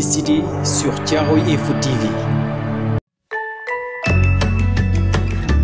sur et Foot TV.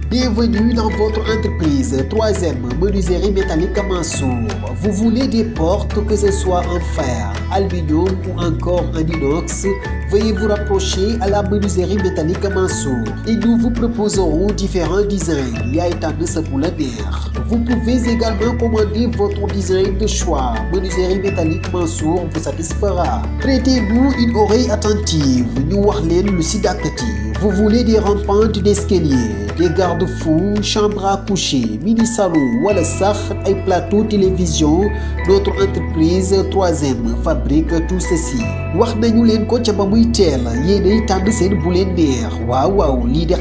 Bienvenue dans votre entreprise 3M Menuiserie Métallique Mansour. Vous voulez des portes, que ce soit en fer, aluminium ou encore en inox veuillez vous rapprocher à la menuiserie métallique Mansour et nous vous proposerons différents designs liés à établir pour la bière. Vous pouvez également commander votre design de choix. Menuiserie métallique Mansour vous satisfera. Prêtez-nous une oreille attentive. Nous Warlen le actif, Vous voulez des rampantes d'escalier, des garde-fous, chambres à coucher, mini-salon, wala sax et plateau télévision notre entreprise troisième fabrique tout ceci wax nañu les ko muy teel temps tànn seen bu leen neex waaw waaw lii de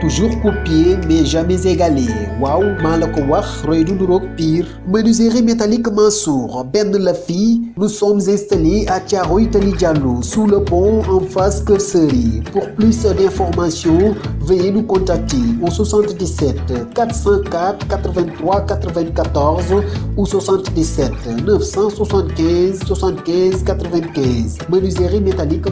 toujours copier mais jamais égalé waaw maa la ko wax roy du nuroog pire. menuiserie métallique Mansour benn la fii nous sommes installés à Thiaroye Tally Diallo sous le pont en face Keur Seury pour plus d'informations veuillez nous contacter au 77 404 83 94 ou 77 975 75 95 menuiserie métallique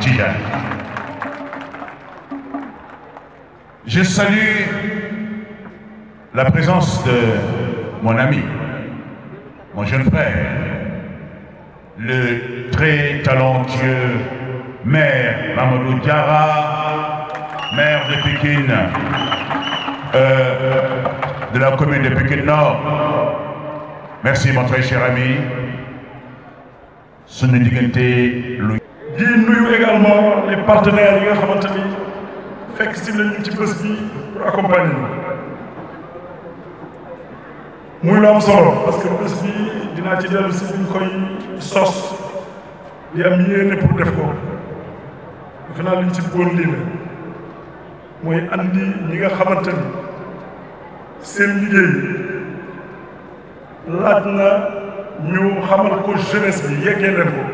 Tijan. Je salue la présence de mon ami, mon jeune frère, le très talentueux maire Mamadou Diara, maire de Pékin, euh, de la commune de Pékin Nord. Merci mon très cher ami. Son di nuyu également les partenaires yi nga xamante ni fekk si nañu ci bés bi pour accompagner ñu muy lu am solo parce que bés bi dinaa ci dellu si buñ koy sos di am yéene pour def ko defe naa liñ ci bëggoon lii la mooy andi ñi nga xamante ni seen liggéey laaj na ñu xamal ko jeunesse bi yeggee leen ko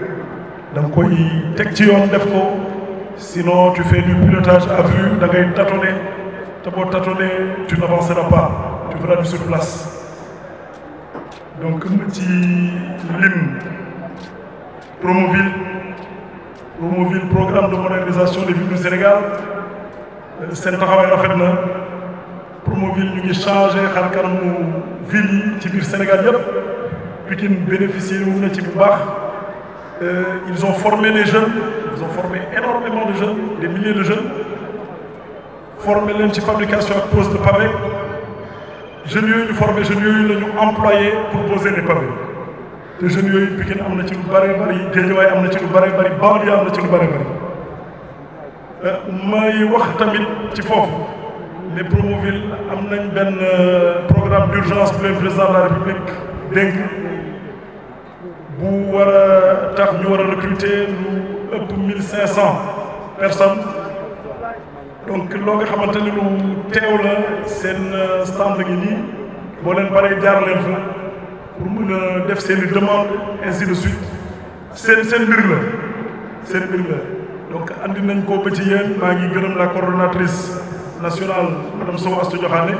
Donc oui, koy teg ci def sinon tu fais du pilotage à vue da ngay tâtonner te tâtonner tu n'avanceras pas tu feras du sur place donc petit lim Promoville Promoville programme de modernisation des villes du Sénégal c'est un travail à Promoville ñu ngi changé xar les ville villes ci Sénégal puis qui bénéficier wu na ci euh, ils ont formé les jeunes, ils ont formé énormément de jeunes, des milliers de jeunes. Formé leen fabrication à pose de pavé jeunes yooyu ñu formé jeunes yooyu la employé pour poser les pavés Des jeunes une Pikine am na ci lu bëree bëri Guédiawaye am na ci lu bëree bëri Banlieue am na ci lu bëree bëri. Euh, may wax tamit ci foofu Les Promoville am nañ un euh, programme d'urgence pour le président de la République dénk. Nous avons recruté tax ñu recruter lu ëpp 1500 personnes donc loo nga xamante ni la euh, stand de nii Nous avons parlé de pour mun a def seen demande ainsi de suite C'est une mbir la seen mbir la donc nous avons fait ba ci ngi gërëm la coordonnatrice nationale Mme Sow Astou Diokhané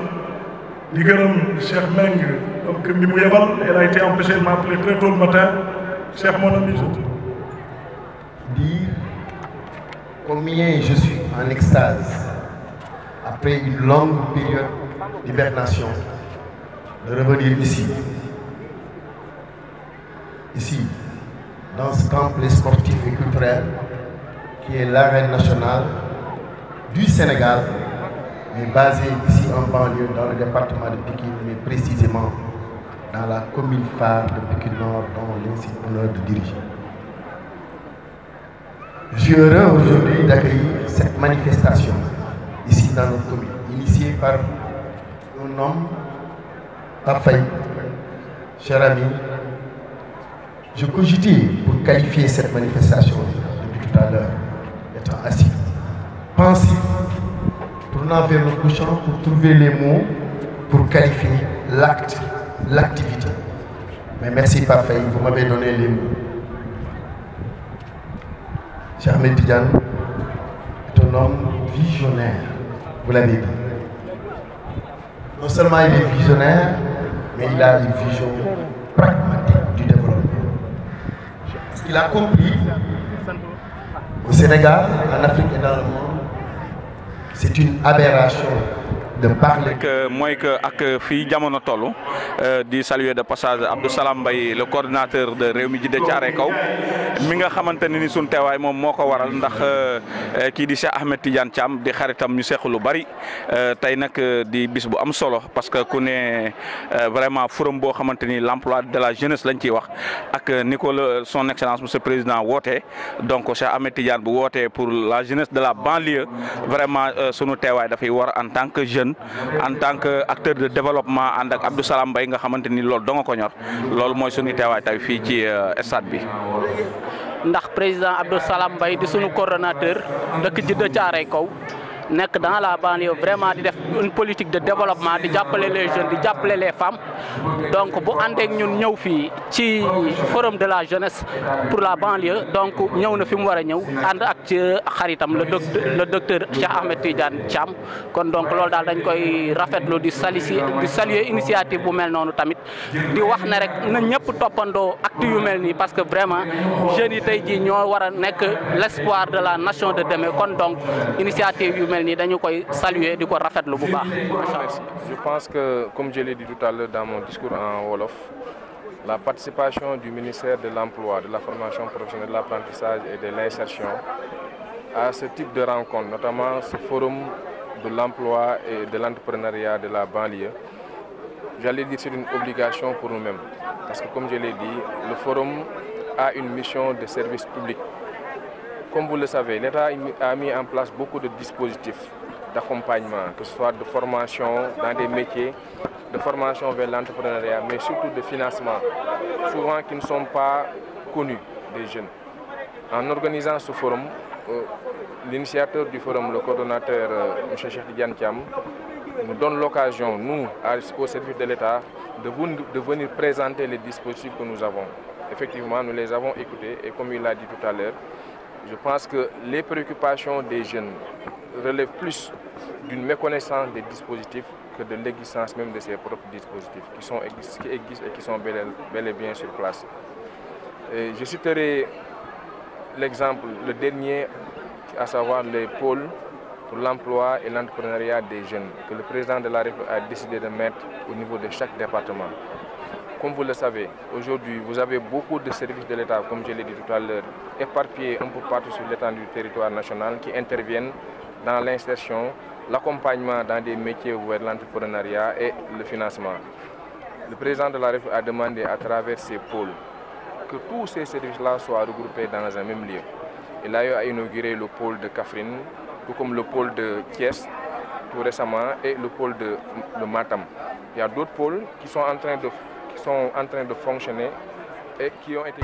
di gërëm Cheikh Meng donc ni elle a été empêchée de m'appeler très tôt le matin Cher mon ami, je combien je suis en extase après une longue période d'hibernation de revenir ici. Ici, dans ce camp sportif et culturel qui est l'arène nationale du Sénégal, mais basé ici en banlieue dans le département de Pékin, mais précisément dans la commune phare de Pékin Nord dont l'insigne honneur de diriger. Je suis heureux aujourd'hui d'accueillir cette manifestation ici dans notre commune, initiée par un homme, Rafaï, cher ami. Je cogite pour qualifier cette manifestation depuis tout à l'heure, étant assis, Pensez, tournant vers le couchant pour trouver les mots pour qualifier l'acte l'activité. Mais merci Parfait, vous m'avez donné les mots. Cher est un homme visionnaire, vous l'avez dit. Non seulement il est visionnaire, mais il a une vision pragmatique du développement. Ce qu'il a compris au Sénégal, en Afrique et dans le monde, c'est une aberration de parler. Euh, mooy que ak euh, fii jamono toll euh, di saluer de passage Abdou Salam Mbaye le coordinateur de Rewmi ji de Thiaroye Kaw mi nga xamante ne ni suñ teewaay moom moo ko waral ndax kii di Cheikh Ahmed Tidiane Thiam di xaritam ñu seq lu bari tey nag di bis bu am solo parce que ku ne vraiment forum boo xamante ni l'emploi de la jeunesse lañ ciy wax ak ni ko son excellence monsieur président woote donc Cheikh Ahmed Tidiane bu wootee pour la jeunesse de la banlieue vraiment sunu teewaay dafay war en tant que jeune. en tant que acteur de développement ànd ak Abdou Salam Mbaye nga xamante ni loolu danga ko loolu mooy suñu teewaay tey fii ci euh, stade bi. ndax président Abdou Salam Mbaye di suñu coordonnateur dëkk Djiddah Thiaroye Kaw. que dans la banlieue vraiment di def une politique de développement di les jeunes di les femmes donc bu àndeek ñun ñëw fi ci forum de la jeunesse pour la banlieue donc ñëw na fi mu ñëw ak ci xaritam le docteur le docteur Cheikh Ahmed Tidiane Cham kon donc lool dal dañ koy rafetlo di saluer di saluer initiative bu mel nonu tamit di wax ne rek na ñëpp topando acte yu mel parce que vraiment jeunes yi tey ñoo wara l'espoir de la nation de demain kon donc initiative yu saluer je pense que comme je l'ai dit tout à l'heure dans mon discours en wolof la participation du ministère de l'emploi de la formation professionnelle de l'apprentissage et de l'insertion à ce type de rencontre notamment ce forum de l'emploi et de l'entrepreneuriat de la banlieue j'allais dire c'est une obligation pour nous-mêmes parce que comme je l'ai dit le forum a une mission de service public comme vous le savez, l'État a mis en place beaucoup de dispositifs d'accompagnement, que ce soit de formation dans des métiers, de formation vers l'entrepreneuriat, mais surtout de financement, souvent qui ne sont pas connus des jeunes. En organisant ce forum, euh, l'initiateur du forum, le coordonnateur euh, M. Cheikh Diane nous donne l'occasion, nous, au service de l'État, de, venir présenter les dispositifs que nous avons. Effectivement, nous les avons écoutés et comme il l'a dit tout à l'heure, je pense que les préoccupations des jeunes relèvent plus d'une méconnaissance des dispositifs que de l'existence même de ces propres dispositifs qui, existent et qui sont bel et, bien sur place. je citerai l'exemple, le dernier, à savoir les pôles pour l'emploi et l'entrepreneuriat des jeunes que le président de la République a décidé de mettre au niveau de chaque département. Comme vous le savez, aujourd'hui, vous avez beaucoup de services de l'État, comme je l'ai dit tout à l'heure, éparpillés un peu partout sur l'étendue du territoire national qui interviennent dans l'insertion, l'accompagnement dans des métiers vers l'entrepreneuriat et le financement. Le président de la République a demandé à travers ces pôles que tous ces services-là soient regroupés dans un même lieu. Et là, il a inauguré le pôle de Kafrine, tout comme le pôle de Thiès, tout récemment, et le pôle de, de Matam. Il y a d'autres pôles qui sont en train de sont en train de fonctionner et qui ont été...